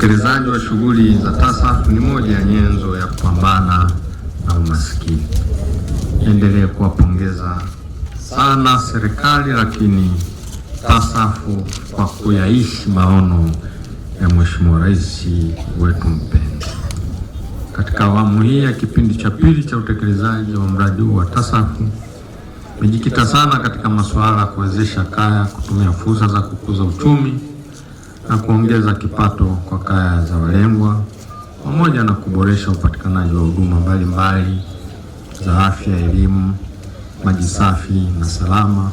Utekelezaji wa shughuli za TASAF ni moja ya nyenzo ya kupambana na umaskini. Endelee kuwapongeza sana serikali, lakini TASAF kwa kuyaishi maono ya Mheshimiwa Rais wetu mpendwa. Katika awamu hii ya kipindi cha pili cha utekelezaji wa mradi huu wa TASAF imejikita sana katika masuala ya kuwezesha kaya kutumia fursa za kukuza uchumi na kuongeza kipato kwa kaya za walengwa pamoja na kuboresha upatikanaji wa huduma mbalimbali za afya, elimu, maji safi na salama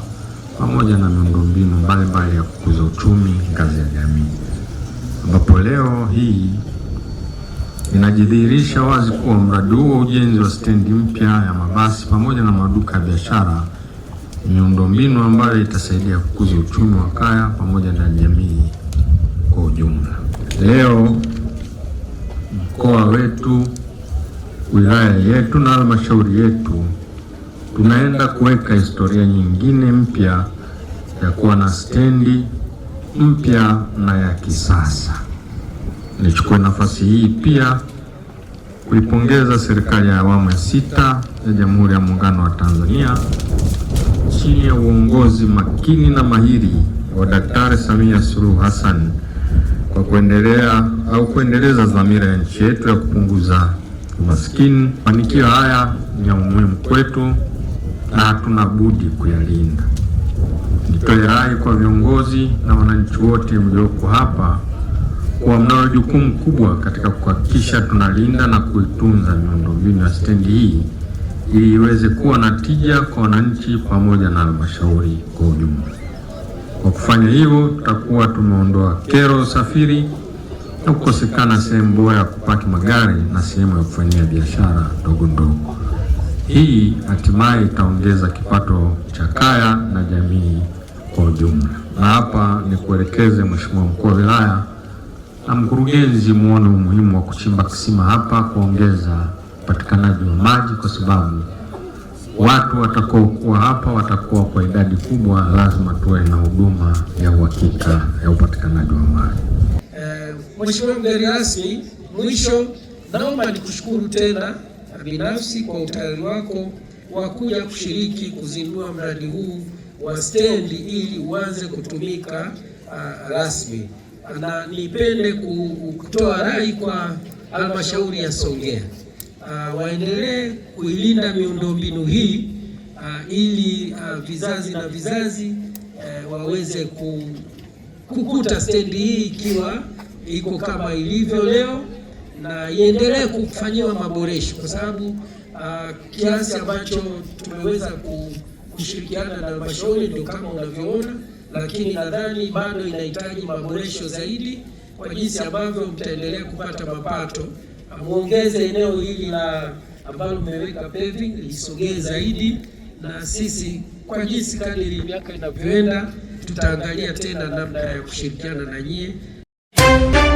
pamoja na miundombinu mbalimbali ya kukuza uchumi ngazi ya jamii, ambapo leo hii inajidhihirisha wazi kuwa mradi huo ujenzi wa stendi mpya ya mabasi pamoja na maduka ya biashara, miundombinu ambayo itasaidia kukuza uchumi wa kaya pamoja na jamii kwa ujumla. Leo mkoa wetu, wilaya yetu na halmashauri yetu tunaenda kuweka historia nyingine mpya ya kuwa na stendi mpya na ya kisasa. Nichukue nafasi hii pia kuipongeza serikali ya awamu ya sita ya Jamhuri ya Muungano wa Tanzania chini ya uongozi makini na mahiri wa Daktari Samia Suluhu Hassan kwa kuendelea au kuendeleza dhamira ya nchi yetu ya kupunguza umaskini. Mafanikio haya ni ya umuhimu kwetu na hatuna budi kuyalinda. Nitoe rai kwa viongozi na wananchi wote mlioko hapa kuwa mnao jukumu kubwa katika kuhakikisha tunalinda na kuitunza miundombinu ya stendi hii ili iweze kuwa na tija kwa wananchi pamoja na halmashauri kwa ujumla. Kwa kufanya hivyo, tutakuwa tumeondoa kero usafiri na kukosekana sehemu bora ya kupaki magari na sehemu ya kufanyia biashara ndogo ndogo. Hii hatimaye itaongeza kipato cha kaya na jamii kwa ujumla. Na hapa ni kuelekeze Mheshimiwa mkuu wa wilaya na mkurugenzi muone umuhimu wa kuchimba kisima hapa kuongeza upatikanaji wa maji kwa sababu watu watakaokuwa hapa watakuwa kwa idadi kubwa, lazima tuwe na huduma ya uhakika ya upatikanaji wa maji. Uh, eh, Mheshimiwa mgeni rasmi, mwisho naomba nikushukuru tena binafsi kwa utayari wako wa kuja kushiriki kuzindua mradi huu wa stendi ili uanze kutumika uh, rasmi, na nipende kutoa rai kwa halmashauri ya Songea uh, waendelee kuilinda miundombinu hii uh, ili uh, vizazi na vizazi uh, waweze ku, kukuta stendi hii ikiwa iko kama ilivyo leo na iendelee kufanyiwa maboresho kwa sababu uh, kiasi ambacho tumeweza kushirikiana na halmashauri ndio kama unavyoona, lakini nadhani bado inahitaji maboresho zaidi kwa jinsi ambavyo mtaendelea kupata mapato muongeze eneo hili la ambalo mmeweka paving lisogee zaidi, na sisi kwa jinsi kadiri miaka inavyoenda tutaangalia tena namna ya kushirikiana na nyie.